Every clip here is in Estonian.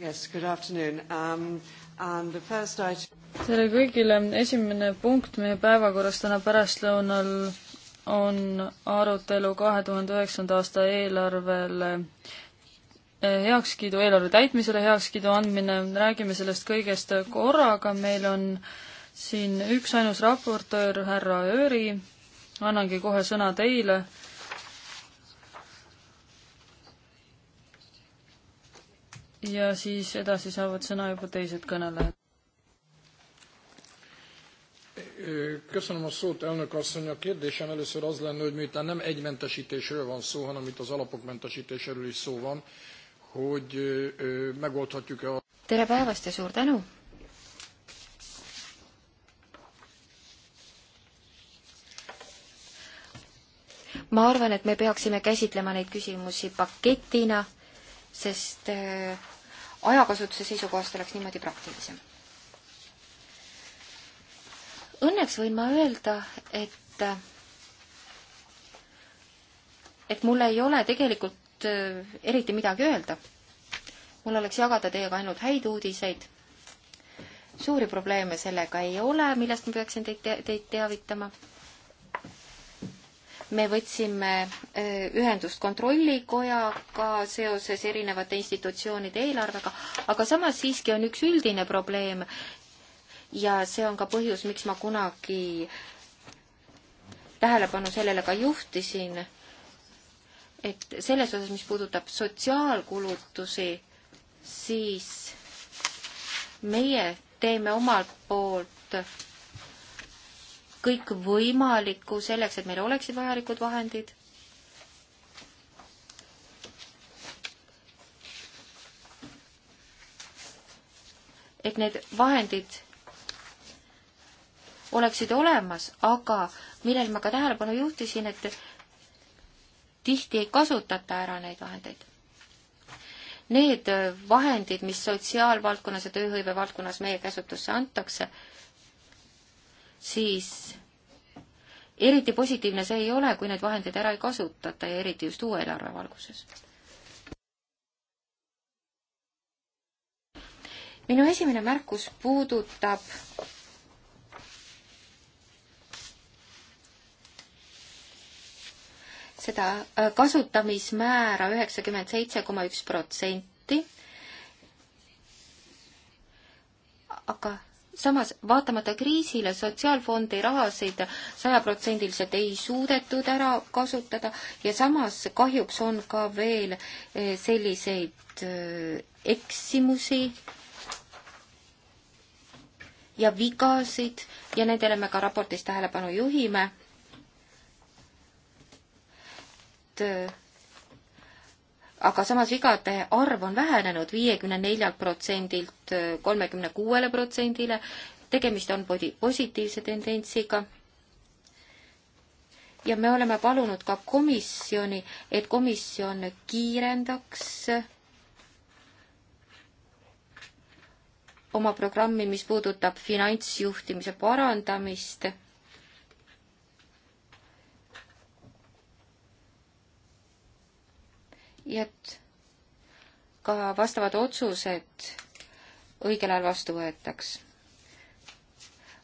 Yes, good afternoon. Um, and the first item... tere kõigile, esimene punkt meie päevakorras täna pärastlõunal on arutelu kahe tuhande üheksanda aasta eelarvele eh, heakskiidu, eelarve täitmisele heakskiidu andmine, räägime sellest kõigest korraga, meil on siin üksainus raportöör, härra Ööri, annangi kohe sõna teile ja siis edasi saavad sõna juba teised kõnelejad. Köszönöm a szót, elnök asszony. A kérdésem először az lenne, hogy miután nem egy mentesítésről van szó, hanem itt az alapok mentesítéséről is szó van, hogy megoldhatjuk-e a... Tere päevast ja suur tänu! ma arvan, et me peaksime käsitlema neid küsimusi paketina sest äh, ajakasutuse seisukohast oleks niimoodi praktilisem. Õnneks võin ma öelda, et et mul ei ole tegelikult äh, eriti midagi öelda. mul oleks jagada teiega ainult häid uudiseid. suuri probleeme sellega ei ole, millest ma peaksin teid te, teid teavitama me võtsime äh, ühendust Kontrollikojaga seoses erinevate institutsioonide eelarvega, aga samas siiski on üks üldine probleem ja see on ka põhjus, miks ma kunagi tähelepanu sellele ka juhtisin, et selles osas, mis puudutab sotsiaalkulutusi, siis meie teeme omalt poolt kõik võimalikku selleks, et meil oleksid vajalikud vahendid. et need vahendid oleksid olemas, aga millel ma ka tähelepanu juhtisin, et tihti ei kasutata ära neid vahendeid need vahendid, mis sotsiaalvaldkonnas ja tööhõive valdkonnas meie käsutusse antakse, siis eriti positiivne see ei ole, kui neid vahendeid ära ei kasutata ja eriti just uue eelarve valguses. minu esimene märkus puudutab seda äh, kasutamismäära üheksakümmend seitse koma üks protsenti, aga samas vaatamata kriisile sotsiaalfondi rahasid sajaprotsendiliselt ei suudetud ära kasutada ja samas kahjuks on ka veel eh, selliseid eh, eksimusi ja vigasid ja nendele me ka raportis tähelepanu juhime. et eh, aga samas vigade arv on vähenenud viiekümne neljalt protsendilt kolmekümne kuuele protsendile, tegemist on positiivse tendentsiga ja me oleme palunud ka komisjoni, et komisjon kiirendaks oma programmi, mis puudutab finantsjuhtimise parandamist ja et ka vastavad otsused õigel ajal vastu võetaks.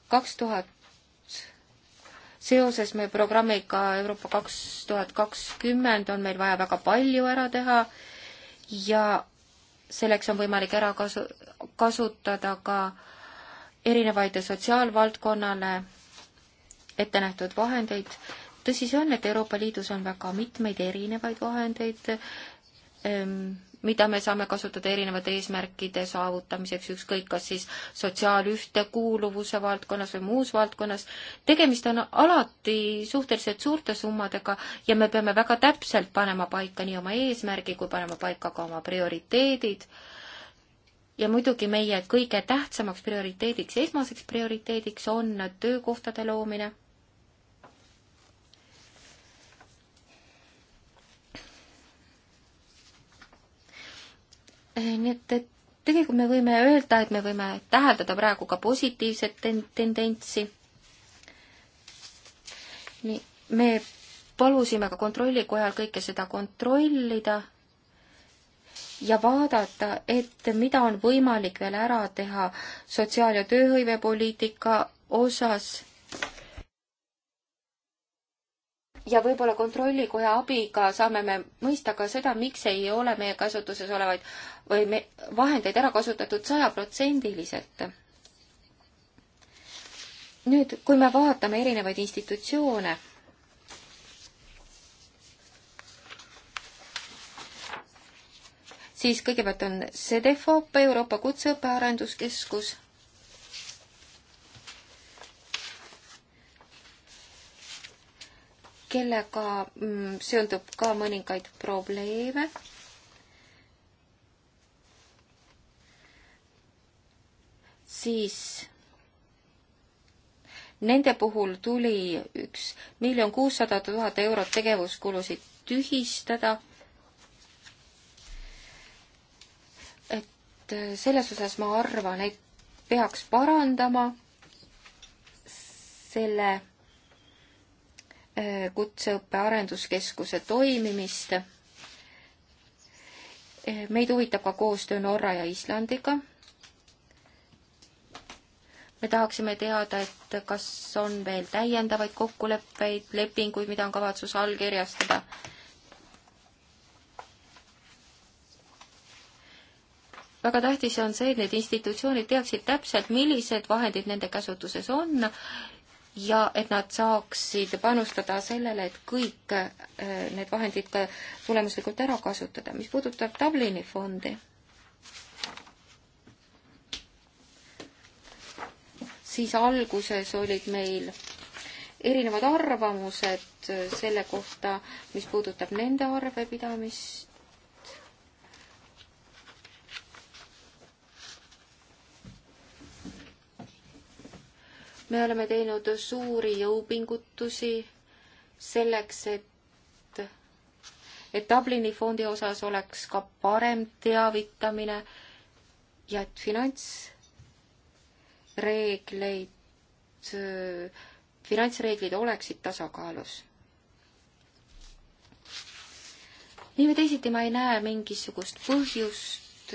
kaks tuhat, seoses meie programmiga Euroopa kaks tuhat kakskümmend on meil vaja väga palju ära teha ja selleks on võimalik ära kasu-, kasutada ka erinevaid sotsiaalvaldkonnale ette nähtud vahendeid. tõsi see on, et Euroopa Liidus on väga mitmeid erinevaid vahendeid, Ehm, mida me saame kasutada erinevate eesmärkide saavutamiseks, ükskõik kas siis sotsiaalühtekuuluvuse valdkonnas või muus valdkonnas. tegemist on alati suhteliselt suurte summadega ja me peame väga täpselt panema paika nii oma eesmärgi kui panema paika ka oma prioriteedid. ja muidugi meie kõige tähtsamaks prioriteediks, esmaseks prioriteediks on töökohtade loomine Äh, nii et, et tegelikult me võime öelda, et me võime täheldada praegu ka positiivset ten-, tendentsi. nii, me palusime ka kontrollikojal kõike seda kontrollida ja vaadata, et mida on võimalik veel ära teha sotsiaal- ja tööhõivepoliitika osas ja võib-olla kontrollikoja abiga saame me mõista ka seda, miks ei ole meie kasutuses olevaid või me vahendeid ära kasutatud sajaprotsendiliselt. nüüd, kui me vaatame erinevaid institutsioone, siis kõigepealt on CDFOP, Euroopa Kutseõppe Arenduskeskus kellega mm, seondub ka mõningaid probleeme. siis nende puhul tuli üks miljon kuussada tuhat eurot tegevuskulusid tühistada. et äh, selles osas ma arvan, et peaks parandama selle kutseõppe arenduskeskuse toimimist. meid huvitab ka koostöö Norra ja Islandiga. me tahaksime teada, et kas on veel täiendavaid kokkuleppeid, lepinguid, mida on kavatsus allkirjastada. väga tähtis on see, et need institutsioonid teaksid täpselt, millised vahendid nende käsutuses on ja et nad saaksid panustada sellele, et kõik äh, need vahendid ka tulemuslikult ära kasutada. mis puudutab Dublini fondi, siis alguses olid meil erinevad arvamused selle kohta, mis puudutab nende arvepidamist me oleme teinud suuri jõupingutusi selleks, et, et Dublini fondi osas oleks ka parem teavitamine ja et finantsreegleid, finantsreeglid oleksid tasakaalus. nii või teisiti ma ei näe mingisugust põhjust,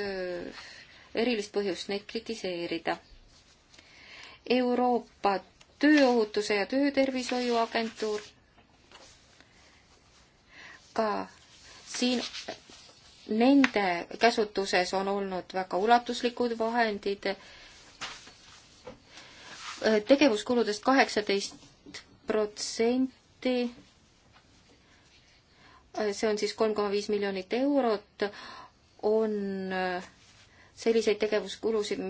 erilist põhjust neid kritiseerida Euroopa Tööohutuse ja Töötervishoiu Agentuur. ka siin nende käsutuses on olnud väga ulatuslikud vahendid, tegevuskuludest kaheksateist protsenti, see on siis kolm koma viis miljonit eurot, on selliseid tegevuskulusid,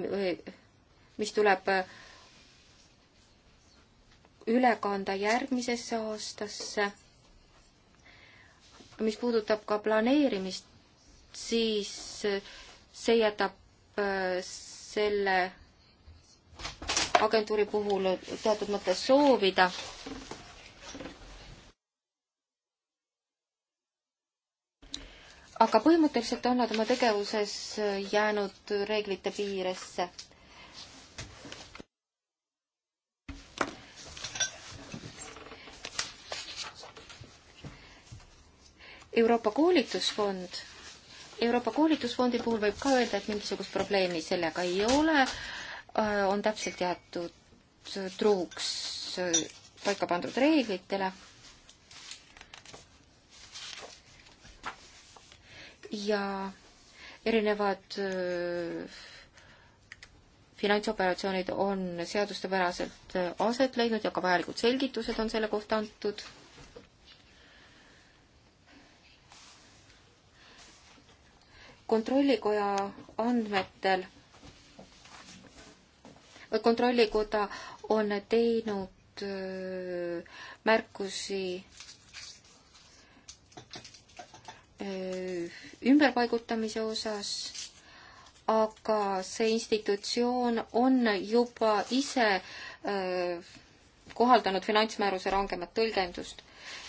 mis tuleb üle kanda järgmisesse aastasse. mis puudutab ka planeerimist, siis see jätab äh, selle agentuuri puhul teatud mõttes soovida. aga põhimõtteliselt on nad oma tegevuses jäänud reeglite piiresse Euroopa koolitusfond, Euroopa koolitusfondi puhul võib ka öelda, et mingisugust probleemi sellega ei ole, äh, on täpselt jäetud äh, truuks äh, paika pandud reeglitele. ja erinevad finantsoperatsioonid on seadustepäraselt aset leidnud ja ka vajalikud selgitused on selle kohta antud kontrollikoja andmetel kontrollikoda on teinud äh, märkusi äh, ümberpaigutamise osas, aga see institutsioon on juba ise äh, kohaldanud finantsmääruse rangemat tõlgendust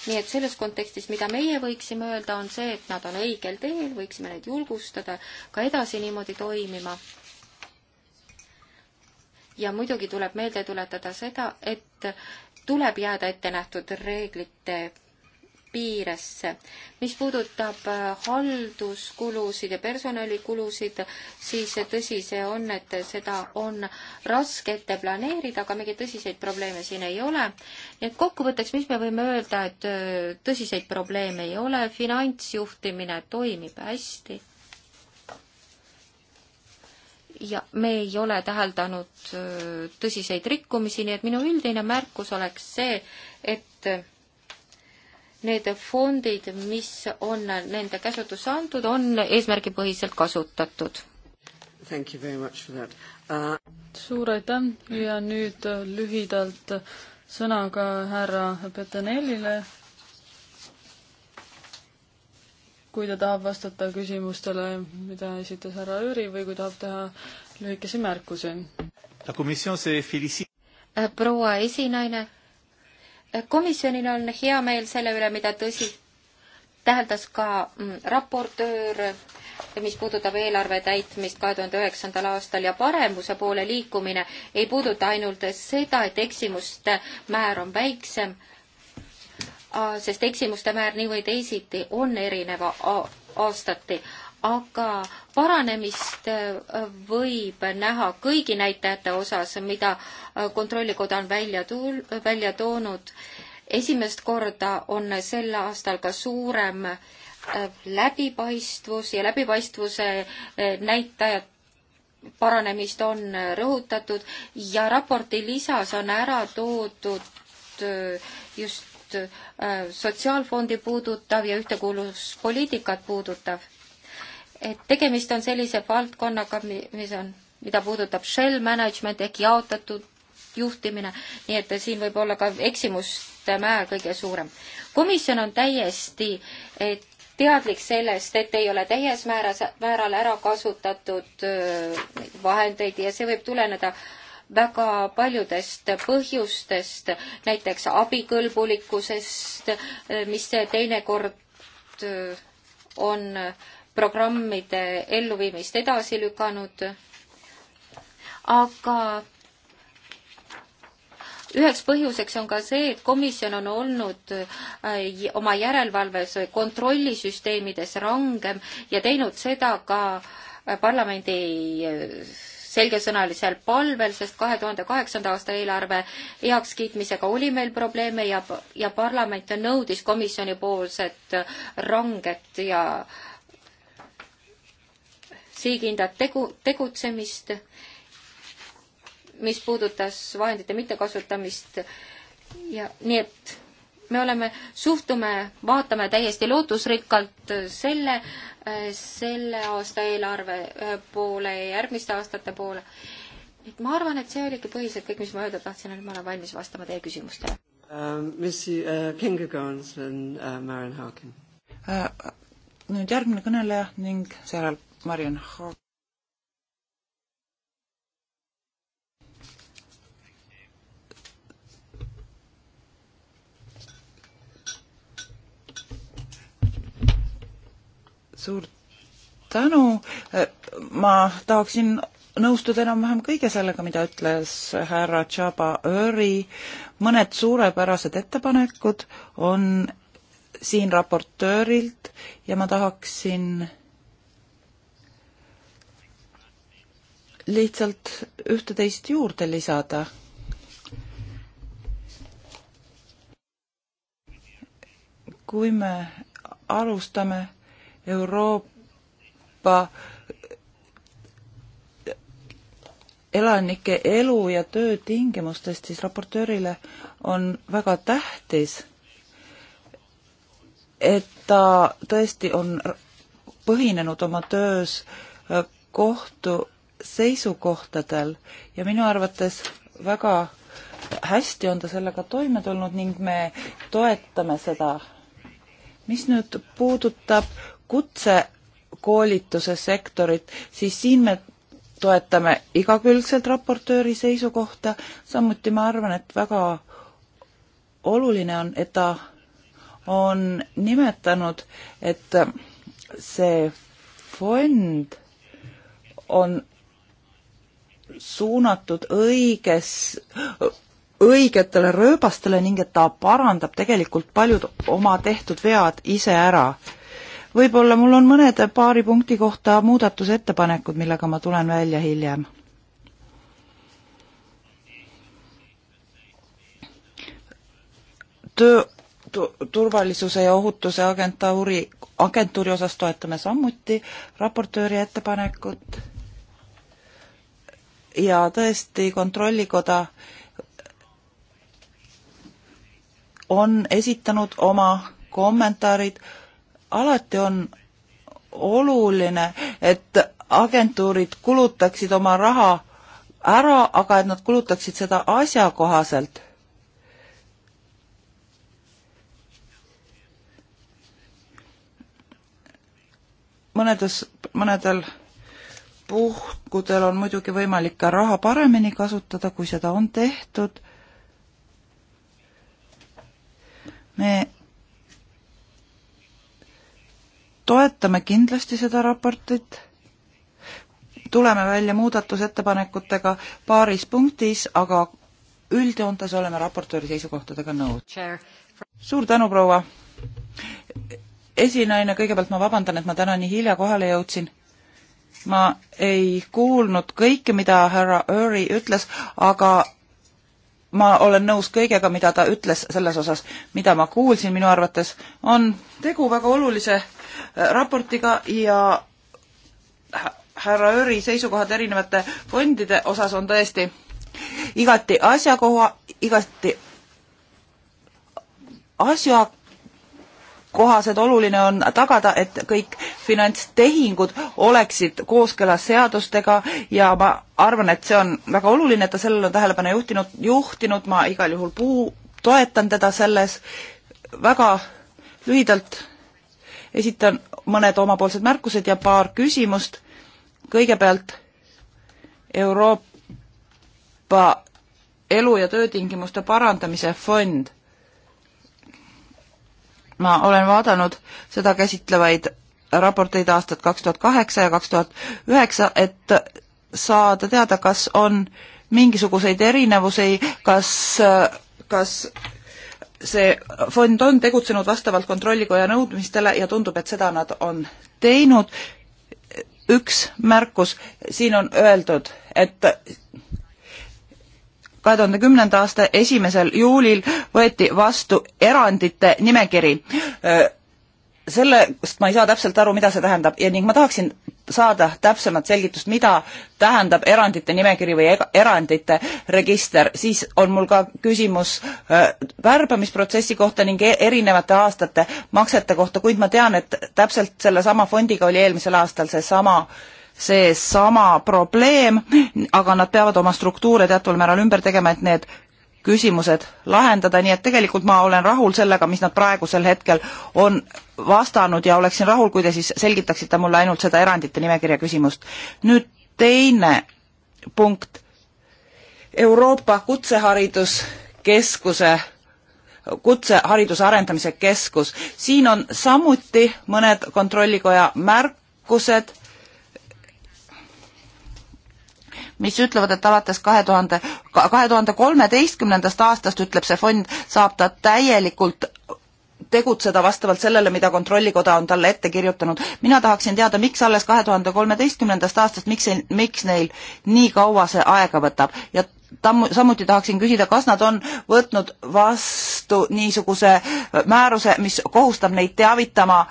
nii et selles kontekstis, mida meie võiksime öelda, on see, et nad on õigel teel, võiksime neid julgustada ka edasi niimoodi toimima. ja muidugi tuleb meelde tuletada seda, et tuleb jääda ettenähtud reeglite piiresse. mis puudutab äh, halduskulusid ja personalikulusid, siis tõsi see on, et seda on raske ette planeerida, aga mingeid tõsiseid probleeme siin ei ole. nii et kokkuvõtteks, mis me võime öelda, et äh, tõsiseid probleeme ei ole, finantsjuhtimine toimib hästi. ja me ei ole täheldanud äh, tõsiseid rikkumisi, nii et minu üldine märkus oleks see, et need fondid, mis on nende käsutusse antud, on eesmärgipõhiselt kasutatud. Uh... suur aitäh ja nüüd lühidalt sõna ka härra Petanellile, kui ta tahab vastata küsimustele, mida esitas härra Ööri või kui tahab teha lühikese märkuse. proua esinaine komisjonil on hea meel selle üle, mida tõsi, täheldas ka mm, raportöör, mis puudutab eelarve täitmist kahe tuhande üheksandal aastal ja paremuse poole liikumine ei puuduta ainult seda, et eksimuste määr on väiksem, sest eksimuste määr nii või teisiti on erineva aastati, aga paranemist äh, võib näha kõigi näitajate osas, mida äh, Kontrollikoda on välja tuul-, välja toonud. esimest korda on sel aastal ka suurem äh, läbipaistvus ja läbipaistvuse näitajad paranemist on rõhutatud ja raporti lisas on ära toodud just sotsiaalfondi puudutav ja ühtekuuluvuspoliitikat puudutav et tegemist on sellise valdkonnaga, mis on, mida puudutab shell management ehk jaotatud juhtimine, nii et siin võib olla ka eksimuste määr kõige suurem. komisjon on täiesti teadlik sellest, et ei ole täies määras, määral ära kasutatud vahendeid ja see võib tuleneda väga paljudest põhjustest, näiteks abikõlbulikkusest, mis teinekord on programmide elluviimist edasi lükanud, aga üheks põhjuseks on ka see, et komisjon on olnud äh, oma järelevalves kontrollisüsteemides rangem ja teinud seda ka äh, parlamendi äh, selgesõnalisel palvel, sest kahe tuhande kaheksanda aasta eelarve heakskiitmisega oli meil probleeme ja, ja parlament nõudis komisjonipoolset ranget ja äh, sihikindlat tegu, tegutsemist, mis puudutas vahendite mittekasutamist ja nii et me oleme, suhtume, vaatame täiesti lootusrikkalt selle, selle aasta eelarve poole ja järgmiste aastate poole. et ma arvan, et see oligi põhiliselt kõik, mis ma öelda tahtsin, et ma olen valmis vastama teie küsimustele um,. Ähm, Monsieur uh, äh, Kingergans and uh, äh, Maren Haakin uh,. Äh, nüüd järgmine kõneleja ning seejärel Marian Haak. suur tänu, äh, ma tahaksin nõustuda enam-vähem kõige sellega, mida ütles härra Tšaba Öri. mõned suurepärased ettepanekud on siin raportöörilt ja ma tahaksin lihtsalt ühte-teist juurde lisada. kui me alustame Euroopa elanike elu ja töötingimustest, siis raportöörile on väga tähtis, et ta tõesti on põhinenud oma töös kohtu seisukohtadel ja minu arvates väga hästi on ta sellega toime tulnud ning me toetame seda. mis nüüd puudutab kutsekoolituse sektorit, siis siin me toetame igakülgselt raportööri seisukohta, samuti ma arvan, et väga oluline on, et ta on nimetanud, et see fond on suunatud õiges, õigetele rööbastele ning et ta parandab tegelikult paljud oma tehtud vead ise ära. võib-olla mul on mõnede paari punkti kohta muudatusettepanekud, millega ma tulen välja hiljem. töö turvalisuse ja ohutuse agentuuri, agentuuri osas toetame samuti raportööri ettepanekut ja tõesti, Kontrollikoda on esitanud oma kommentaarid. alati on oluline, et agentuurid kulutaksid oma raha ära, aga et nad kulutaksid seda asjakohaselt. mõnedes, mõnedel puhkudel on muidugi võimalik ka raha paremini kasutada, kui seda on tehtud. me toetame kindlasti seda raportit, tuleme välja muudatusettepanekutega paaris punktis, aga üldjoontes oleme raportööri seisukohtadega nõus. suur tänu, proua! esinaine, kõigepealt ma vabandan, et ma täna nii hilja kohale jõudsin ma ei kuulnud kõike, mida härra Öri ütles, aga ma olen nõus kõigega, mida ta ütles selles osas, mida ma kuulsin, minu arvates on tegu väga olulise äh, raportiga ja härra Öri seisukohad erinevate fondide osas on tõesti igati asjakoha, igati asja kohased, oluline on tagada, et kõik finantstehingud oleksid kooskõlas seadustega ja ma arvan, et see on väga oluline, et ta sellele on tähelepanu juhtinud, juhtinud, ma igal juhul puu, toetan teda selles väga lühidalt esitan mõned omapoolsed märkused ja paar küsimust. kõigepealt Euroopa elu- ja töötingimuste parandamise fond ma olen vaadanud seda käsitlevaid raporteid aastat kaks tuhat kaheksa ja kaks tuhat üheksa, et saada teada, kas on mingisuguseid erinevusi, kas, kas see fond on tegutsenud vastavalt Kontrollikoja nõudmistele ja tundub, et seda nad on teinud. üks märkus, siin on öeldud, et kahe tuhande kümnenda aasta esimesel juulil võeti vastu erandite nimekiri. sellest ma ei saa täpselt aru, mida see tähendab ja ning ma tahaksin saada täpsemat selgitust, mida tähendab erandite nimekiri või erandite register, siis on mul ka küsimus värbamisprotsessi kohta ning e-, erinevate aastate maksete kohta, kuid ma tean, et täpselt sellesama fondiga oli eelmisel aastal seesama äh, seesama probleem, aga nad peavad oma struktuure teataval määral ümber tegema, et need küsimused lahendada, nii et tegelikult ma olen rahul sellega, mis nad praegusel hetkel on vastanud ja oleksin rahul, kui te siis selgitaksite mulle ainult seda erandite nimekirja küsimust. nüüd teine punkt, Euroopa Kutsehariduskeskuse, Kutsehariduse Arendamise Keskus, siin on samuti mõned Kontrollikoja märkused, mis ütlevad, et alates kahe tuhande, kahe tuhande kolmeteistkümnendast aastast, ütleb see fond, saab ta täielikult tegutseda vastavalt sellele, mida Kontrollikoda on talle ette kirjutanud. mina tahaksin teada, miks alles kahe tuhande kolmeteistkümnendast aastast, miks, miks neil nii kaua see aega võtab ja tammu-, samuti tahaksin küsida, kas nad on võtnud vastu niisuguse määruse, mis kohustab neid teavitama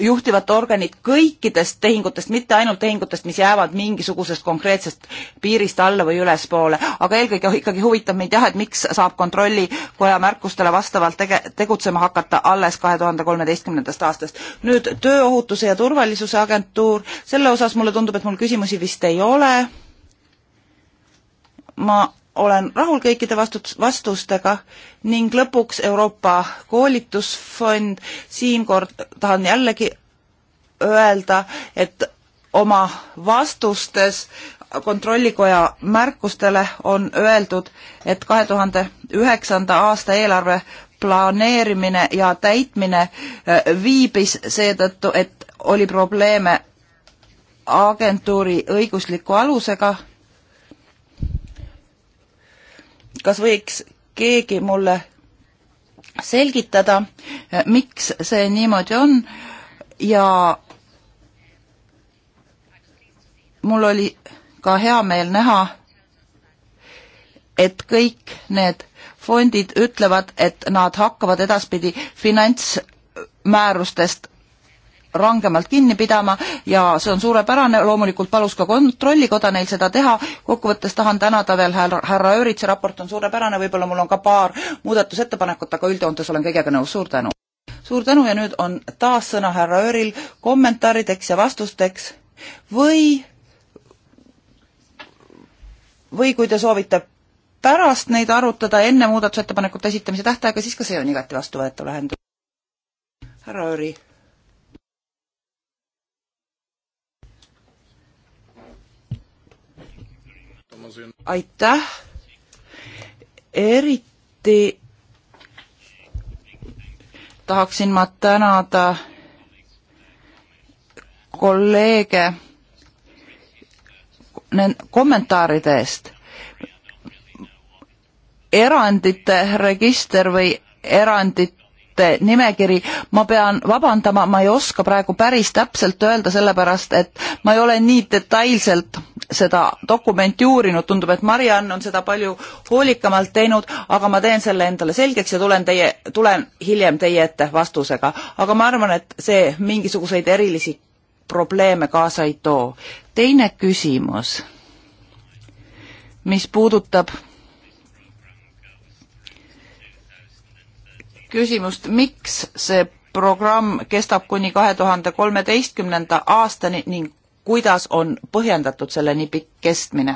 juhtivat organit kõikidest tehingutest, mitte ainult tehingutest, mis jäävad mingisugusest konkreetsest piirist alla või ülespoole, aga eelkõige ikkagi huvitab mind jah, et miks saab Kontrollikoja märkustele vastavalt tege-, tegutsema hakata alles kahe tuhande kolmeteistkümnendast aastast. nüüd Tööohutuse ja Turvalisuse Agentuur, selle osas mulle tundub, et mul küsimusi vist ei ole, ma olen rahul kõikide vastut-, vastustega ning lõpuks Euroopa koolitusfond, siinkord tahan jällegi öelda, et oma vastustes kontrollikoja märkustele on öeldud, et kahe tuhande üheksanda aasta eelarve planeerimine ja täitmine äh, viibis seetõttu, et oli probleeme agentuuri õigusliku alusega kas võiks keegi mulle selgitada, eh, miks see niimoodi on ja mul oli ka hea meel näha, et kõik need fondid ütlevad, et nad hakkavad edaspidi finantsmäärustest rangemalt kinni pidama ja see on suurepärane, loomulikult palus ka Kontrollikoda neil seda teha, kokkuvõttes tahan tänada veel härra, härra Öörit, see raport on suurepärane, võib-olla mul on ka paar muudatusettepanekut, aga üldjoontes olen kõigega nõus, suur tänu! suur tänu ja nüüd on taas sõna härra Ööril kommentaarideks ja vastusteks või või kui te soovite pärast neid arutada enne muudatusettepanekute esitamise tähtaega, siis ka see on igati vastuvõetav lahendus. härra Ööri aitäh, eriti tahaksin ma tänada kolleege kommentaaride eest. erandite register või erandite kandidaatide nimekiri. ma pean vabandama, ma ei oska praegu päris täpselt öelda, sellepärast et ma ei ole nii detailselt seda dokumenti uurinud, tundub, et Mariann on seda palju hoolikamalt teinud, aga ma teen selle endale selgeks ja tulen teie, tulen hiljem teie ette vastusega. aga ma arvan, et see mingisuguseid erilisi probleeme kaasa ei too. teine küsimus, mis puudutab küsimust, miks see programm kestab kuni kahe tuhande kolmeteistkümnenda aastani ning kuidas on põhjendatud selle nii pikk kestmine?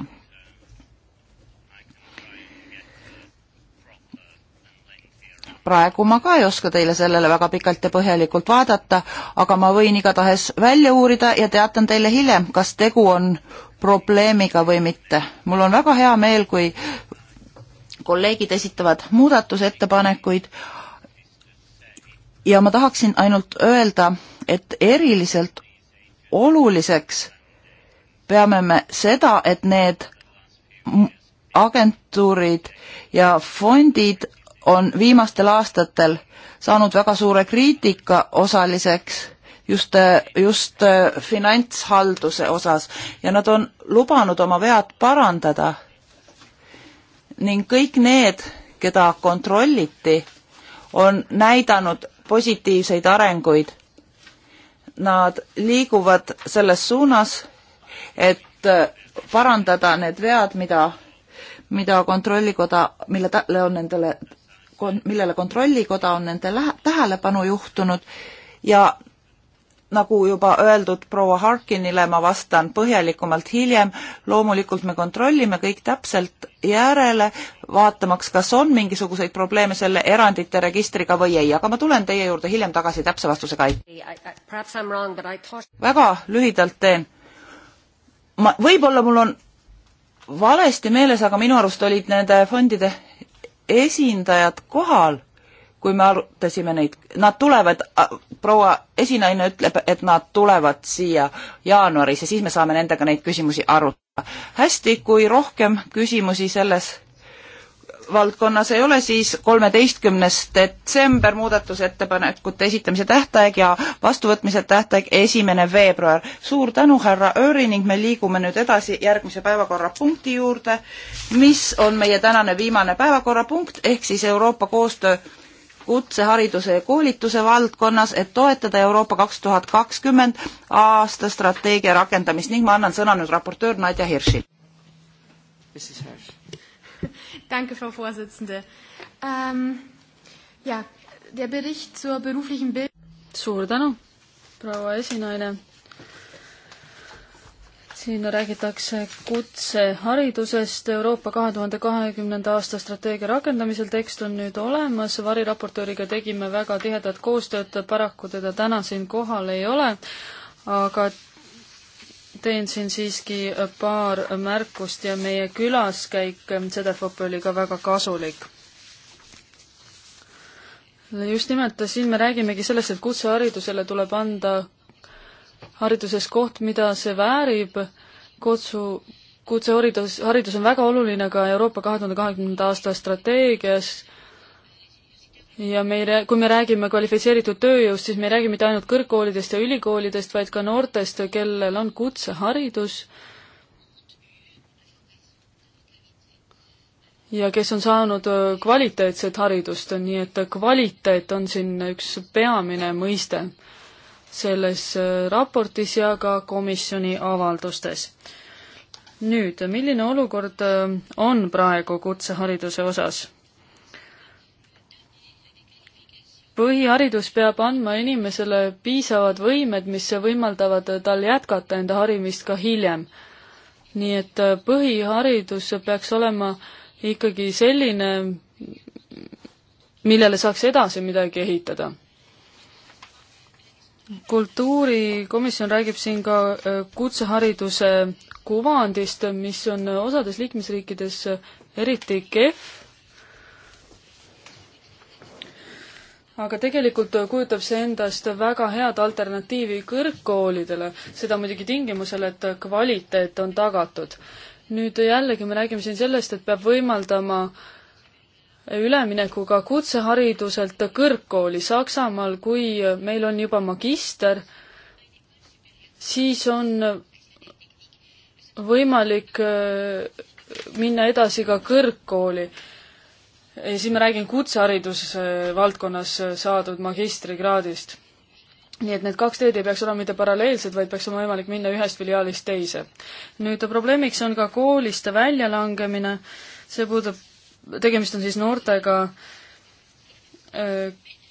praegu ma ka ei oska teile sellele väga pikalt ja põhjalikult vaadata, aga ma võin igatahes välja uurida ja teatan teile hiljem, kas tegu on probleemiga või mitte. mul on väga hea meel, kui kolleegid esitavad muudatusettepanekuid, ja ma tahaksin ainult öelda, et eriliselt oluliseks peame me seda, et need agentuurid ja fondid on viimastel aastatel saanud väga suure kriitika osaliseks just, just äh, finantshalduse osas ja nad on lubanud oma vead parandada. ning kõik need, keda kontrolliti, on näidanud positiivseid arenguid. Nad liiguvad selles suunas, et äh, parandada need vead, mida, mida kontrollikoda, mille talle on nendele, millele kontrollikoda on nende tähelepanu juhtunud ja nagu juba öeldud proua Harkinile, ma vastan põhjalikumalt hiljem, loomulikult me kontrollime kõik täpselt järele, vaatamaks, kas on mingisuguseid probleeme selle erandite registriga või ei, aga ma tulen teie juurde hiljem tagasi täpse vastusega. väga lühidalt teen. ma, võib-olla mul on valesti meeles, aga minu arust olid nende fondide esindajad kohal kui me arutasime neid, nad tulevad, proua esinaine ütleb, et nad tulevad siia jaanuaris ja siis me saame nendega neid küsimusi arutada. hästi, kui rohkem küsimusi selles valdkonnas ei ole, siis kolmeteistkümnes detsember muudatusettepanekute esitamise tähtaeg ja vastuvõtmise tähtaeg esimene veebruar. suur tänu, härra Ööri ning me liigume nüüd edasi järgmise päevakorrapunkti juurde, mis on meie tänane viimane päevakorrapunkt ehk siis Euroopa koostöö kutsehariduse ja koolituse valdkonnas, et toetada Euroopa kaks tuhat kakskümmend aasta strateegia rakendamist ning ma annan sõna nüüd raportöör Nadja Hirschil. Danke, Frau Vorsitzende ähm,. Ja, der Bericht zur beruflichen Bild-. suur tänu, proua esinaine siin räägitakse kutseharidusest Euroopa kahe tuhande kahekümnenda aasta strateegia rakendamisel, tekst on nüüd olemas, variraportööriga tegime väga tihedat koostööd, paraku teda täna siin kohal ei ole, aga teen siin siiski paar märkust ja meie külaskäik Cedefop oli ka väga kasulik just nimelt, siin me räägimegi sellest, et kutseharidusele tuleb anda hariduses koht, mida see väärib, kutsu, kutseharidus, haridus on väga oluline ka Euroopa kahe tuhande kahekümnenda aasta strateegias ja me ei rää-, kui me räägime kvalifitseeritud tööjõust, siis me ei räägi mitte ainult kõrgkoolidest ja ülikoolidest, vaid ka noortest, kellel on kutseharidus ja kes on saanud kvaliteetset haridust, nii et kvaliteet on siin üks peamine mõiste selles äh, raportis ja ka komisjoni avaldustes. nüüd, milline olukord äh, on praegu kutsehariduse osas? põhiharidus peab andma inimesele piisavad võimed, mis võimaldavad tal jätkata enda harimist ka hiljem. nii et äh, põhiharidus peaks olema ikkagi selline, millele saaks edasi midagi ehitada kultuurikomisjon räägib siin ka äh, kutsehariduse kuvandist, mis on osades liikmesriikides äh, eriti kehv. aga tegelikult äh, kujutab see endast väga head alternatiivi kõrgkoolidele, seda muidugi tingimusel, et kvaliteet on tagatud. nüüd jällegi me räägime siin sellest, et peab võimaldama äh, üleminekuga kutsehariduselt kõrgkooli Saksamaal, kui meil on juba magister, siis on võimalik äh, minna edasi ka kõrgkooli. ja siis ma räägin kutsehariduse valdkonnas äh, saadud magistrikraadist. nii et need kaks teed ei peaks olema mitte paralleelsed, vaid peaks olema võimalik minna ühest filiaalist teise. nüüd probleemiks on ka koolist väljalangemine, see puudutab tegemist on siis noortega, äh,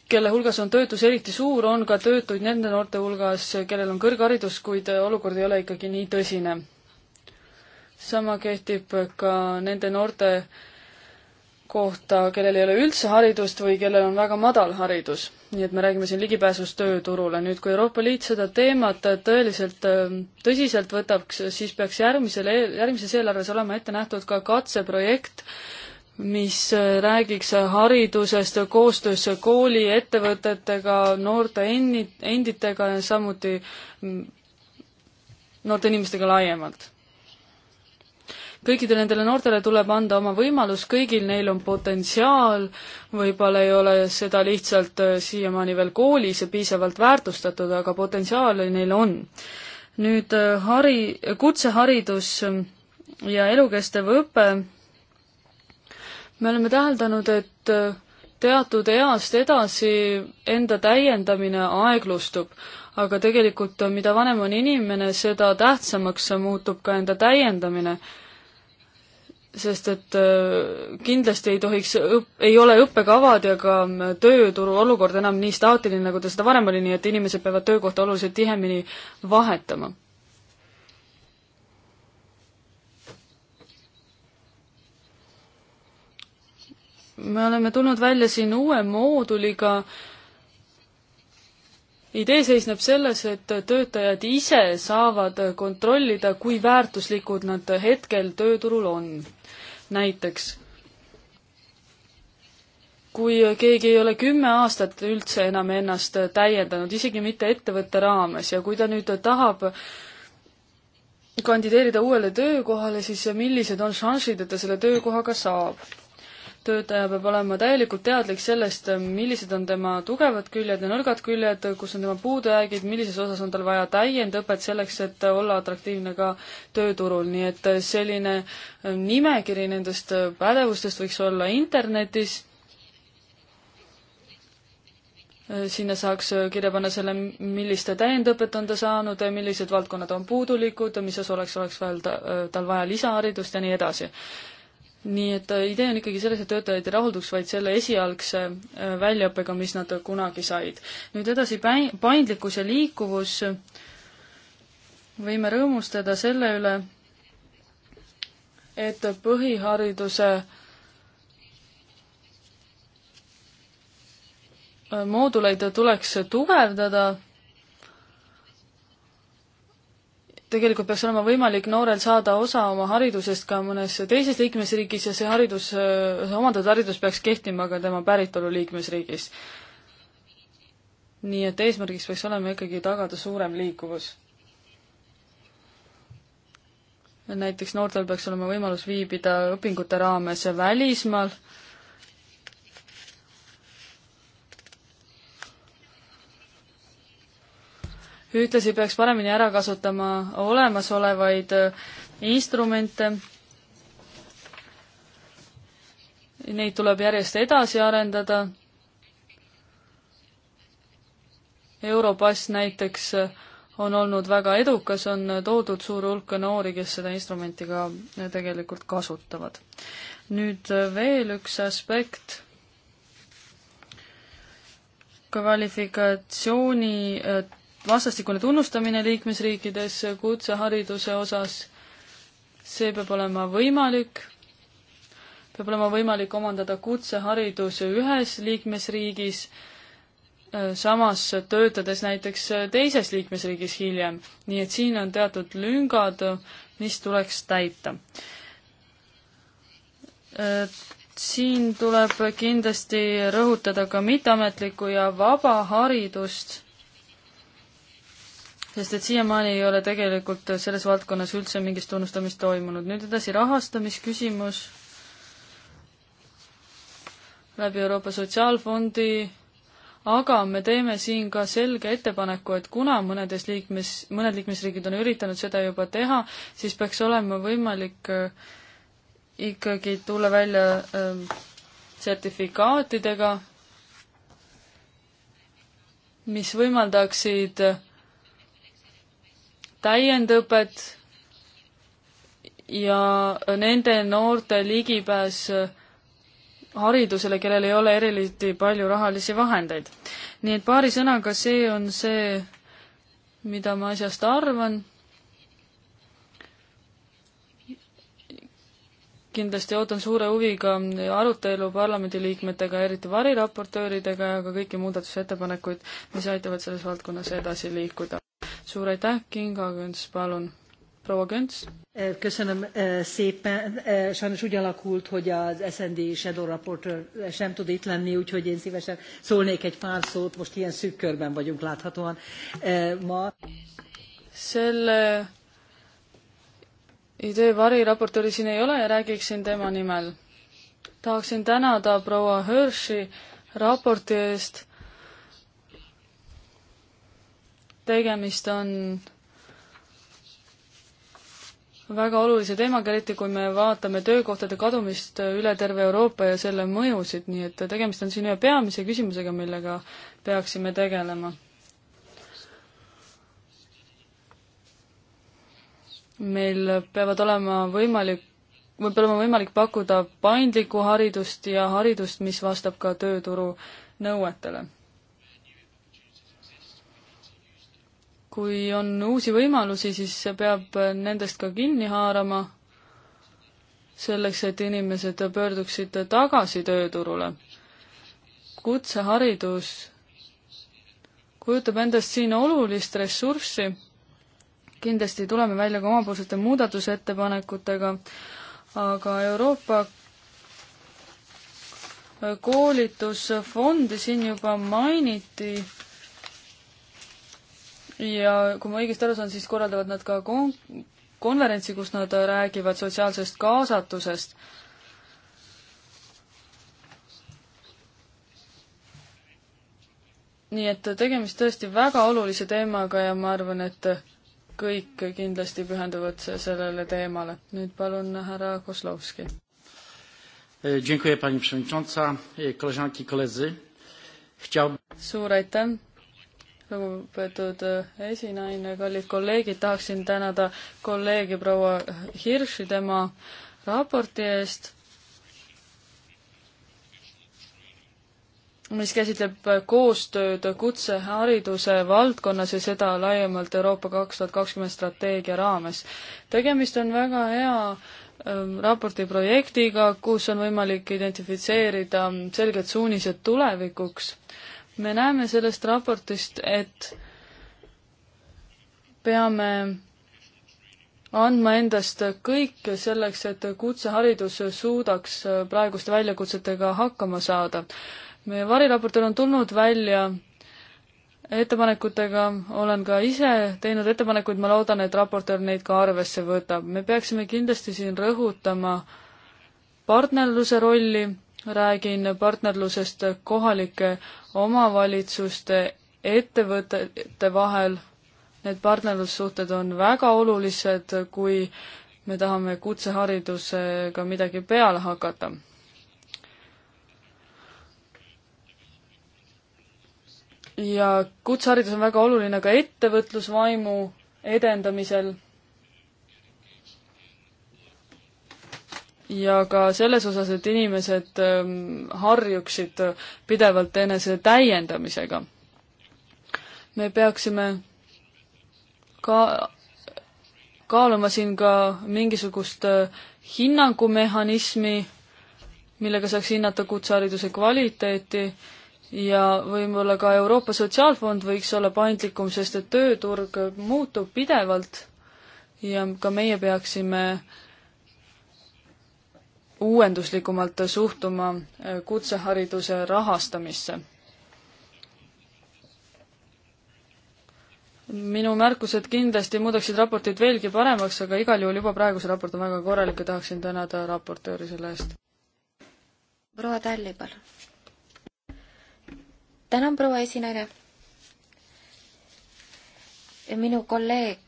kelle hulgas on töötus eriti suur, on ka töötuid nende noorte hulgas, kellel on kõrgharidus, kuid olukord ei ole ikkagi nii tõsine. sama kehtib ka nende noorte kohta, kellel ei ole üldse haridust või kellel on väga madal haridus. nii et me räägime siin ligipääsust tööturule. nüüd, kui Euroopa Liit seda teemat tõeliselt äh, tõsiselt võtaks, siis peaks järgmisel, e-, järgmises eelarves olema ette nähtud ka katseprojekt, mis äh, räägiks äh, haridusest, koostöös äh, kooli, ettevõtetega, noorte endi, enditega ja samuti mm, noorte inimestega laiemalt. kõikidele nendele noortele tuleb anda oma võimalus, kõigil neil on potentsiaal, võib-olla ei ole seda lihtsalt siiamaani veel koolis ja piisavalt väärtustatud, aga potentsiaali neil on. nüüd hari, kutseharidus mm, ja elukestev õpe me oleme täheldanud, et teatud east edasi enda täiendamine aeglustub, aga tegelikult mida vanem on inimene, seda tähtsamaks muutub ka enda täiendamine. sest et äh, kindlasti ei tohiks, ei ole õppekavad ja ka äh, tööturu olukord enam nii staatiline, nagu ta seda varem oli, nii et inimesed peavad töökohta oluliselt tihemini vahetama me oleme tulnud välja siin uue mooduliga. idee seisneb selles, et töötajad ise saavad kontrollida, kui väärtuslikud nad hetkel tööturul on. näiteks kui keegi ei ole kümme aastat üldse enam ennast täiendanud, isegi mitte ettevõtte raames ja kui ta nüüd tahab kandideerida uuele töökohale, siis millised on šansid, et ta selle töökoha ka saab? töötaja peab olema täielikult teadlik sellest, millised on tema tugevad küljed ja nõrgad küljed, kus on tema puudujäägid, millises osas on tal vaja täiendõpet selleks, et olla atraktiivne ka tööturul, nii et selline äh, nimekiri nendest äh, pädevustest võiks olla internetis äh, sinna saaks kirja panna selle, millist täiendõpet on ta saanud, millised valdkonnad on puudulikud, mis osas oleks, oleks veel ta, tal vaja lisaharidust ja nii edasi nii et äh, idee on ikkagi selles, et töötajaid ei rahulduks vaid selle esialgse äh, väljaõppega, mis nad kunagi said. nüüd edasi, paindlikkus ja liikuvus, võime rõõmustada selle üle, et põhihariduse äh, mooduleid tuleks tugevdada tegelikult peaks olema võimalik noorel saada osa oma haridusest ka mõnes teises liikmesriigis ja see haridus, see omandatud haridus peaks kehtima ka tema päritolu liikmesriigis. nii et eesmärgiks peaks olema ikkagi tagada suurem liikuvus. näiteks noortel peaks olema võimalus viibida õpingute raames välismaal ühtlasi peaks paremini ära kasutama olemasolevaid äh, instrumente. Neid tuleb järjest edasi arendada. Europass näiteks äh, on olnud väga edukas, on äh, toodud suur hulk noori, kes seda instrumenti ka tegelikult kasutavad. nüüd veel üks aspekt. kvalifikatsiooni vastastikune tunnustamine liikmesriikides kutsehariduse osas, see peab olema võimalik, peab olema võimalik omandada kutseharidus ühes liikmesriigis, äh, samas töötades näiteks teises liikmesriigis hiljem, nii et siin on teatud lüngad, mis tuleks täita. Äh, siin tuleb kindlasti rõhutada ka mitteametlikku ja vaba haridust sest et siiamaani ei ole tegelikult selles valdkonnas üldse mingit tunnustamist toimunud. nüüd edasi rahastamisküsimus läbi Euroopa Sotsiaalfondi, aga me teeme siin ka selge ettepaneku, et kuna mõnedes liikmes, mõned liikmesriigid on üritanud seda juba teha, siis peaks olema võimalik äh, ikkagi tulla välja äh, sertifikaatidega, mis võimaldaksid täiendõpet ja nende noorte ligipääs haridusele, kellel ei ole eriti palju rahalisi vahendeid. nii et paari sõnaga, see on see, mida ma asjast arvan. kindlasti ootan suure huviga arutelu parlamendiliikmetega, eriti variraportööridega ja ka kõiki muudatusettepanekuid, mis aitavad selles valdkonnas edasi liikuda suur aitäh, Kinga Künts, palun. proua Künts. Eh, köszönöm eh, szépen. Eh, sajnos úgy alakult, hogy az SND Shadow Raportőr sem tud itt lenni, úgyhogy én szívesen szólnék egy pár szót. Most ilyen szűk körben vagyunk láthatóan ma. Selle idee variraportööri siin ei ole ja räägiksin tema nimel. tahaksin tänada proua Hirši raporti eest tegemist on väga olulise teemaga, eriti kui me vaatame töökohtade kadumist üle terve Euroopa ja selle mõjusid, nii et tegemist on siin ühe peamise küsimusega, millega peaksime tegelema meil peavad olema võimalik, meil peab olema võimalik pakkuda paindlikku haridust ja haridust, mis vastab ka tööturu nõuetele. kui on uusi võimalusi, siis peab nendest ka kinni haarama, selleks et inimesed pöörduksid tagasi tööturule. kutseharidus kujutab endast siin olulist ressurssi, kindlasti tuleme välja ka omapoolsete muudatusettepanekutega, aga Euroopa koolitusfondi siin juba mainiti ja kui ma õigesti aru saan, siis korraldavad nad ka kon-, konverentsi, kus nad räägivad sotsiaalsest kaasatusest. nii et tegemist tõesti väga olulise teemaga ja ma arvan, et kõik kindlasti pühenduvad sellele teemale. nüüd palun härra Kozlovski. E, e, suur aitäh, lugupeetud äh, esinaine, kallid kolleegid, tahaksin tänada kolleegi proua Hirši tema raporti eest, mis käsitleb koostööd kutsehariduse valdkonnas ja seda laiemalt Euroopa kaks tuhat kakskümmend strateegia raames. tegemist on väga hea ähm, raporti projektiga, kus on võimalik identifitseerida selged suunised tulevikuks me näeme sellest raportist, et peame andma endast kõik selleks, et kutseharidus suudaks praeguste väljakutsetega hakkama saada. meie variraportil on tulnud välja ettepanekutega, olen ka ise teinud ettepanekuid, ma loodan, et raportöör neid ka arvesse võtab. me peaksime kindlasti siin rõhutama partnerluse rolli, räägin partnerlusest kohalike omavalitsuste, ettevõtete vahel. Need partnerlussuhted on väga olulised, kui me tahame kutseharidusega midagi peale hakata. ja kutseharidus on väga oluline ka ettevõtlusvaimu edendamisel ja ka selles osas, et inimesed ähm, harjuksid pidevalt enese täiendamisega. me peaksime ka kaaluma siin ka mingisugust äh, hinnangumehhanismi, millega saaks hinnata kutsehariduse kvaliteeti ja võib-olla ka Euroopa Sotsiaalfond võiks olla paindlikum, sest et tööturg muutub pidevalt ja ka meie peaksime äh, uuenduslikumalt suhtuma äh, kutsehariduse rahastamisse. minu märkused kindlasti muudaksid raportit veelgi paremaks, aga igal juhul juba praegu see raport on väga korralik ja tahaksin tänada raportööri selle eest. proua Talli, palun. tänan, proua esinaine. minu kolleeg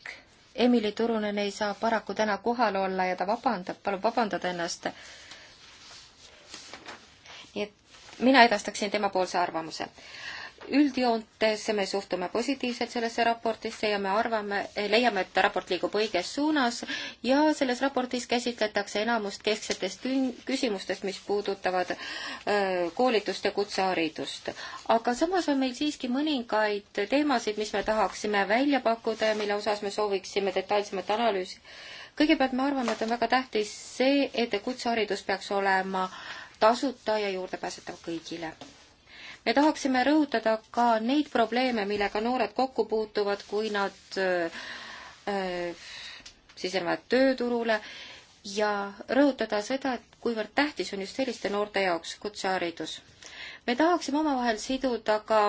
Emily Turunen ei saa paraku täna kohal olla ja ta vabandab, palub vabandada ennast mina edastaksin temapoolse arvamuse. üldjoontes me suhtume positiivselt sellesse raportisse ja me arvame, leiame, et raport liigub õiges suunas ja selles raportis käsitletakse enamust kesksetest küsimustest, mis puudutavad koolitust ja kutseharidust. aga samas on meil siiski mõningaid teemasid, mis me tahaksime välja pakkuda ja mille osas me sooviksime detailsemat analüüsi kõigepealt me arvame, et on väga tähtis see, et kutseharidus peaks olema äh, tasuta ja juurdepääsetav kõigile. me tahaksime rõhutada ka neid probleeme, millega noored kokku puutuvad, kui nad äh, äh, sisenevad tööturule ja rõhutada seda, et kuivõrd tähtis on just selliste noorte jaoks kutseharidus. me tahaksime omavahel siduda ka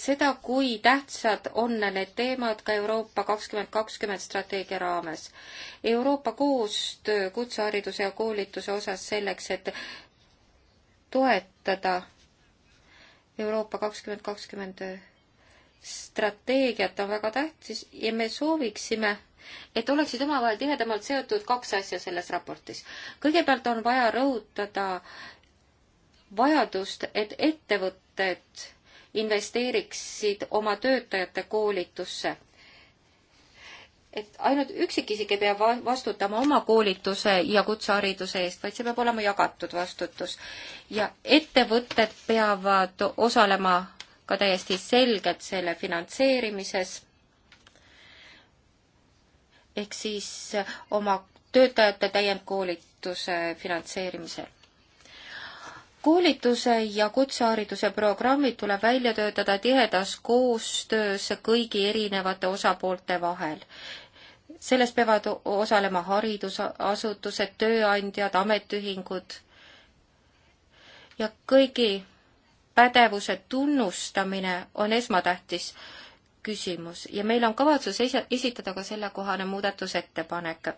seda, kui tähtsad on need teemad ka Euroopa kakskümmend kakskümmend strateegia raames. Euroopa koostöö kutsehariduse ja koolituse osas selleks, et toetada Euroopa kakskümmend kakskümmend strateegiat on väga tähtis ja me sooviksime, et oleksid omavahel tihedamalt seotud kaks asja selles raportis. kõigepealt on vaja rõhutada vajadust, et ettevõtted investeeriksid oma töötajate koolitusse. et ainult üksikisik ei pea vastutama oma koolituse ja kutsehariduse eest, vaid see peab olema jagatud vastutus. ja ettevõtted peavad osalema ka täiesti selgelt selle finantseerimises, ehk siis oma töötajate täiendkoolituse finantseerimisel koolituse ja kutsehariduse programmid tuleb välja töötada tihedas koostöös kõigi erinevate osapoolte vahel. selles peavad osalema haridusasutused, tööandjad, ametiühingud ja kõigi pädevuse tunnustamine on esmatähtis küsimus ja meil on kavatsus esitada ka sellekohane muudatusettepanek.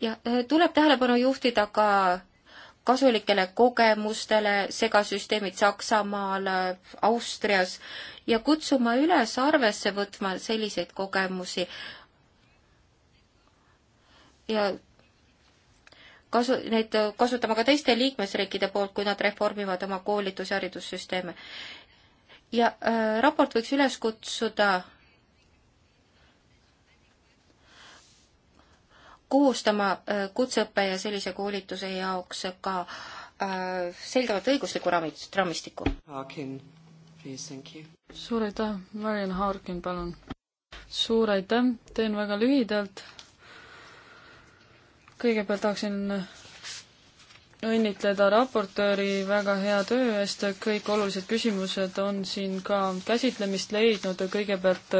ja äh, tuleb tähelepanu juhtida ka kasulikele kogemustele, segasüsteemid Saksamaal, Austrias ja kutsuma üles arvesse võtma selliseid kogemusi. ja kasu, neid kasutama ka teiste liikmesriikide poolt, kui nad reformivad oma koolitus- ja haridussüsteeme. ja äh, raport võiks üles kutsuda koostama äh, kutseõppe ja sellise koolituse jaoks ka äh, selgemat õiguslikku raamistikku. suur aitäh, Marian Harkin, palun. suur aitäh, teen väga lühidalt. kõigepealt tahaksin õnnitleda raportööri väga hea töö eest, kõik olulised küsimused on siin ka käsitlemist leidnud, kõigepealt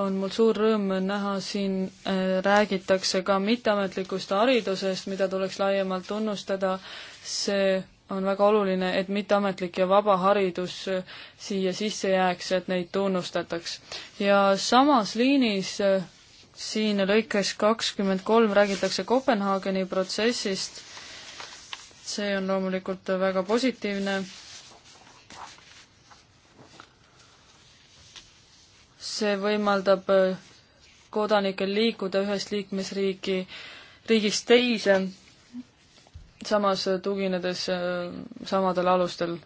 on mul suur rõõm näha, siin äh, räägitakse ka mitteametlikust haridusest, mida tuleks laiemalt tunnustada. see on väga oluline, et mitteametlik ja vaba haridus äh, siia sisse jääks, et neid tunnustataks. ja samas liinis äh, siin lõikes kakskümmend kolm räägitakse Kopenhaageni protsessist. see on loomulikult väga positiivne see võimaldab äh, kodanikel liikuda ühest liikmesriigi, riigist teise, samas äh, tuginedes äh, samadel alustel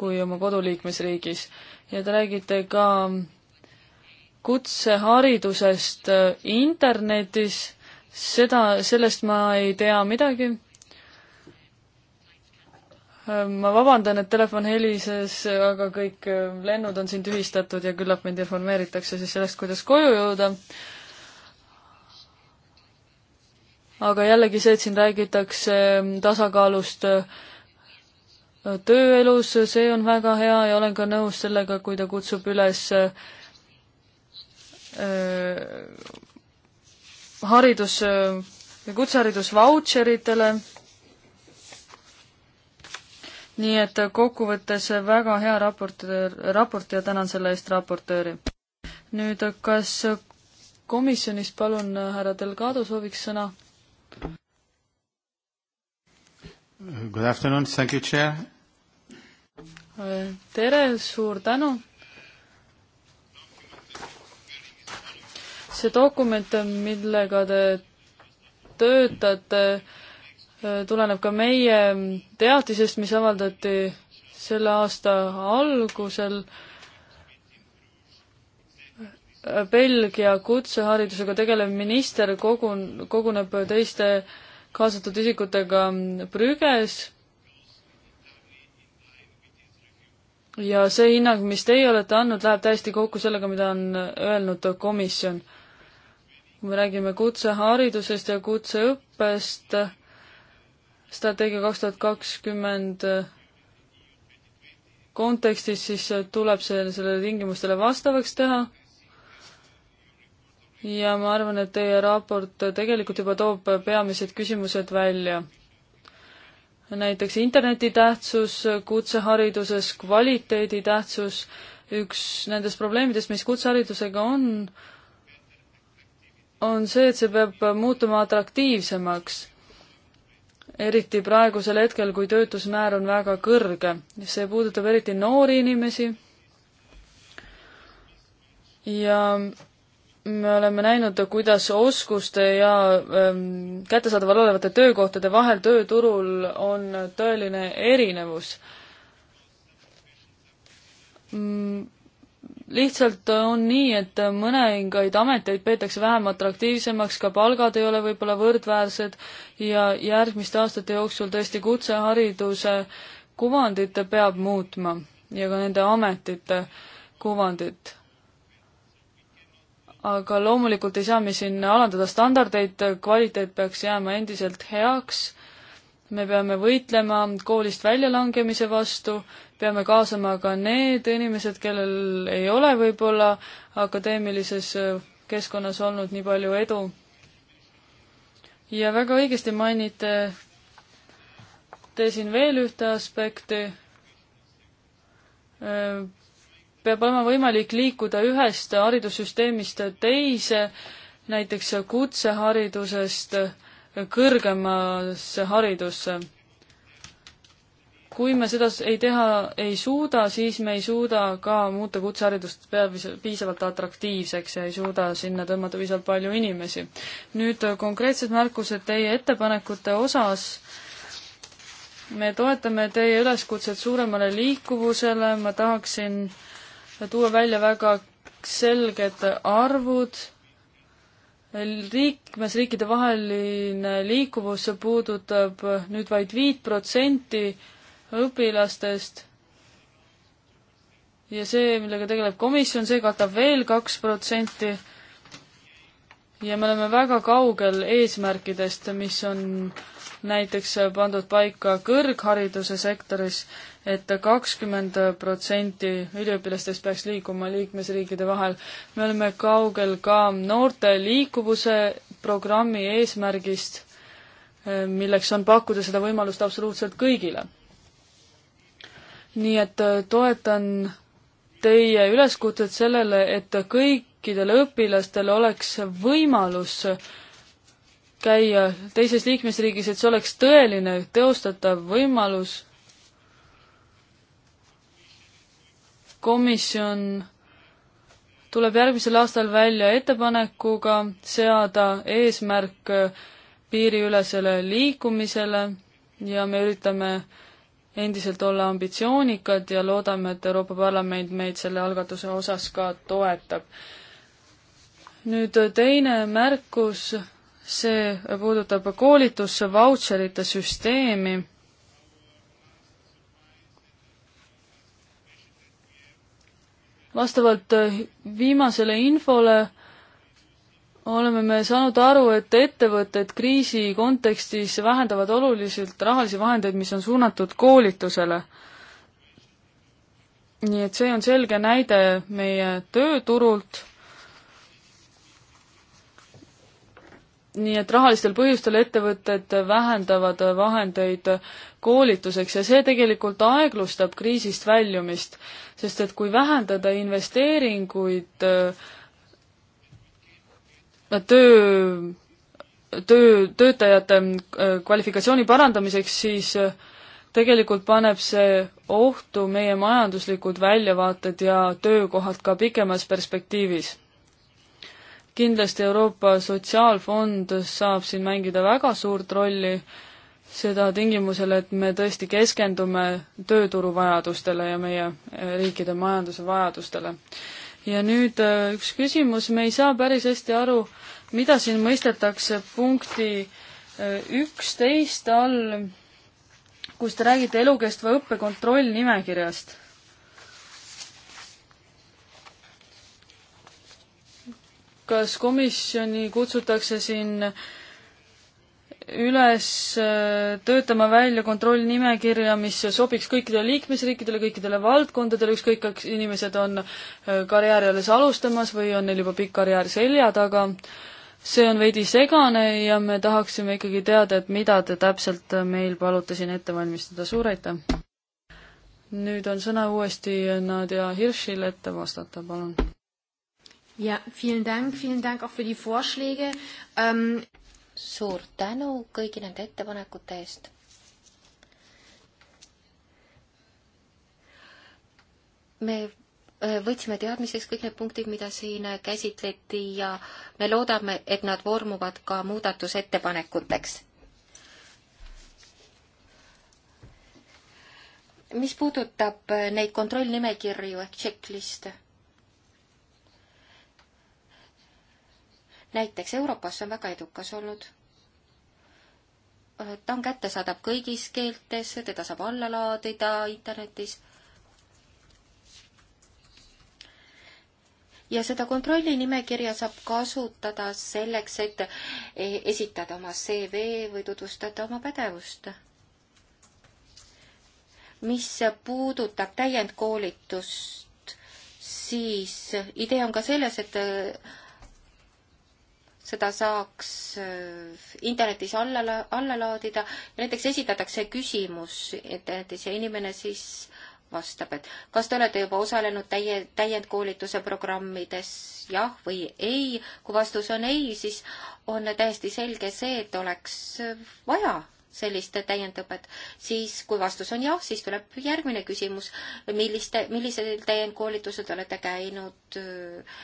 kui oma koduliikmesriigis. ja te räägite ka kutseharidusest internetis, seda, sellest ma ei tea midagi Ehm, ma vabandan, et telefon helises, aga kõik ehm, lennud on siin tühistatud ja küllap mind informeeritakse siis sellest, kuidas koju jõuda. aga jällegi see, et siin räägitakse ehm, tasakaalust tööelus, see on väga hea ja olen ka nõus sellega, kui ta kutsub üles haridus- ja kutseharidusvautšeritele nii et kokkuvõttes väga hea raportöör, raport ja tänan selle eest raportööri. nüüd, kas komisjonist palun, härra Delgado sooviks sõna? Good afternoon, thank you, chair. tere, suur tänu. see dokument, millega te töötate, tuleneb ka meie teatisest, mis avaldati selle aasta algusel Belgia kutseharidusega tegelev minister kogun-, koguneb teiste kaasatud isikutega prüges ja see hinnang, mis teie olete andnud, läheb täiesti kokku sellega, mida on öelnud komisjon. kui me räägime kutseharidusest ja kutseõppest, strateegia kaks tuhat kakskümmend äh, kontekstis, siis äh, tuleb see sellele tingimustele vastavaks teha. ja ma arvan, et teie raport äh, tegelikult juba toob peamised küsimused välja. näiteks interneti tähtsus, kutsehariduses kvaliteedi tähtsus, üks nendest probleemidest, mis kutseharidusega on, on see, et see peab muutuma atraktiivsemaks eriti praegusel hetkel, kui töötusmäär on väga kõrge. see puudutab eriti noori inimesi ja me oleme näinud, kuidas oskuste ja ähm, kättesaadaval olevate töökohtade vahel tööturul on tõeline erinevus mm lihtsalt on nii, et mõningaid ameteid peetakse vähem atraktiivsemaks, ka palgad ei ole võib-olla võrdväärsed ja järgmiste aastate jooksul tõesti kutsehariduse kuvandit peab muutma ja ka nende ametite kuvandit. aga loomulikult ei saa me siin alandada standardeid, kvaliteet peaks jääma endiselt heaks me peame võitlema koolist väljalangemise vastu, peame kaasama ka need inimesed, kellel ei ole võib-olla akadeemilises äh, keskkonnas olnud nii palju edu. ja väga õigesti mainite te siin veel ühte aspekti. Äh, peab olema võimalik liikuda ühest haridussüsteemist teise, näiteks kutseharidusest kõrgemasse haridusse. kui me seda ei teha ei suuda, siis me ei suuda ka muuta kutseharidust piisavalt atraktiivseks ja ei suuda sinna tõmmata piisavalt palju inimesi. nüüd äh, konkreetsed märkused teie ettepanekute osas me toetame teie üleskutset suuremale liikuvusele, ma tahaksin tuua välja väga selged arvud liikmesriikide vaheline liikuvus puudutab nüüd vaid viit protsenti õpilastest ja see, millega tegeleb komisjon, see katab veel kaks protsenti ja me oleme väga kaugel eesmärkidest, mis on näiteks pandud paika kõrghariduse sektoris et kakskümmend protsenti üliõpilastest peaks liikuma liikmesriikide vahel. me oleme kaugel ka noorte liikuvuse programmi eesmärgist, milleks on pakkuda seda võimalust absoluutselt kõigile. nii et toetan teie üleskutset sellele, et kõikidel õpilastel oleks võimalus käia teises liikmesriigis, et see oleks tõeline teostatav võimalus komisjon tuleb järgmisel aastal välja ettepanekuga seada eesmärk piiriülesele liikumisele ja me üritame endiselt olla ambitsioonikad ja loodame, et Euroopa Parlament meid selle algatuse osas ka toetab. nüüd teine märkus, see puudutab koolitusse vautšerite süsteemi vastavalt äh, viimasele infole oleme me saanud aru, et ettevõtted kriisi kontekstis vähendavad oluliselt rahalisi vahendeid, mis on suunatud koolitusele. nii et see on selge näide meie tööturult nii et rahalistel põhjustel ettevõtted vähendavad vahendeid koolituseks ja see tegelikult aeglustab kriisist väljumist, sest et kui vähendada investeeringuid äh, töö, töö, töötajate äh, kvalifikatsiooni parandamiseks, siis äh, tegelikult paneb see ohtu meie majanduslikud väljavaated ja töökohad ka pikemas perspektiivis kindlasti Euroopa Sotsiaalfond saab siin mängida väga suurt rolli, seda tingimusel, et me tõesti keskendume tööturu vajadustele ja meie eh, riikide majanduse vajadustele. ja nüüd eh, üks küsimus, me ei saa päris hästi aru, mida siin mõistetakse punkti eh, üksteist all, kus te räägite elukestva õppe kontrollnimekirjast kas komisjoni kutsutakse siin üles äh, töötama välja kontrollnimekirja, mis sobiks kõikidele liikmesriikidele, kõikidele valdkondadele, ükskõik kas inimesed on äh, karjääri alles alustamas või on neil juba pikk karjäär selja taga. see on veidi segane ja me tahaksime ikkagi teada, et mida te täpselt äh, meil palute siin ette valmistada, suur aitäh! nüüd on sõna uuesti Nadja Hirschil, et vastata, palun! ja, vielen Dank, vielen Dank auch für die Vorschläge ähm.... suur tänu kõigi nende ettepanekute eest. me äh, võtsime teadmiseks kõik need punktid, mida siin käsitleti ja me loodame, et nad vormuvad ka muudatusettepanekuteks. mis puudutab neid kontrollnimekirju ehk checklist'e näiteks Europass on väga edukas olnud. Äh, ta on kättesaadav kõigis keeltes, teda saab alla laadida internetis. ja seda kontrollinimekirja saab kasutada selleks, et e, esitada oma CV või tutvustada oma pädevust mis puudutab täiendkoolitust, siis idee on ka selles, et seda saaks äh, internetis alla, alla laadida ja näiteks esitatakse küsimus internetis ja inimene siis vastab, et kas te olete juba osalenud täie, täiendkoolituse programmides jah või ei. kui vastus on ei, siis on täiesti selge see, et oleks vaja sellist täiendõpet, siis kui vastus on jah, siis tuleb järgmine küsimus, milliste, millisel täiendkoolitusel te olete käinud äh,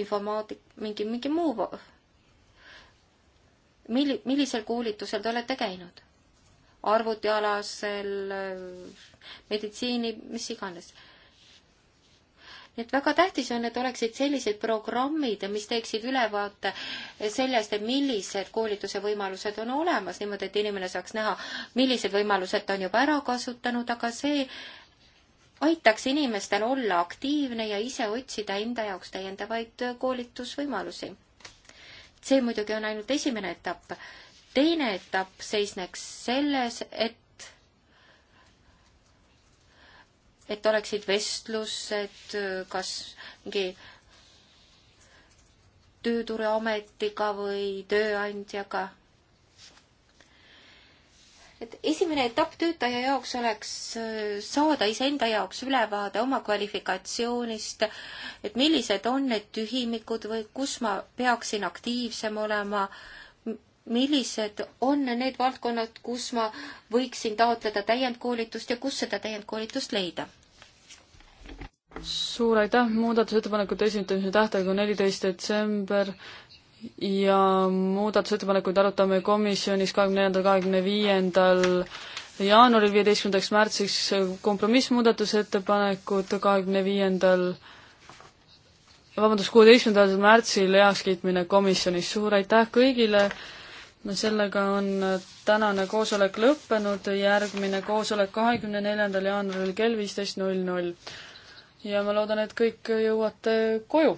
informaatik, mingi, mingi muu milli-, millisel koolitusel te olete käinud? arvutialasel, meditsiini, mis iganes. nii et väga tähtis on, et oleksid sellised programmid, mis teeksid ülevaate sellest, et millised koolituse võimalused on olemas, niimoodi, et inimene saaks näha, millised võimalused ta on juba ära kasutanud, aga see, aitaks inimestel olla aktiivne ja ise otsida enda jaoks täiendavaid koolitusvõimalusi. see muidugi on ainult esimene etapp. teine etapp seisneks selles, et et oleksid vestlused kas mingi tööturuametiga või tööandjaga et esimene etapp töötaja jaoks oleks äh, saada iseenda jaoks ülevaade oma kvalifikatsioonist, et millised on need tühimikud või kus ma peaksin aktiivsem olema, millised on need valdkonnad, kus ma võiksin taotleda täiendkoolitust ja kus seda täiendkoolitust leida? suur aitäh, muudatusettepanekute esitamise tähtaeg on neliteist detsember ja muudatusettepanekuid arutame komisjonis kahekümne neljandal, kahekümne viiendal jaanuaril, viieteistkümnendaks märtsiks kompromissmuudatusettepanekud kahekümne viiendal vabandust, kuueteistkümnendal märtsil heakskiitmine komisjonis, suur aitäh kõigile, no sellega on tänane koosolek lõppenud, järgmine koosolek kahekümne neljandal jaanuaril kell viisteist null null. ja ma loodan, et kõik jõuate koju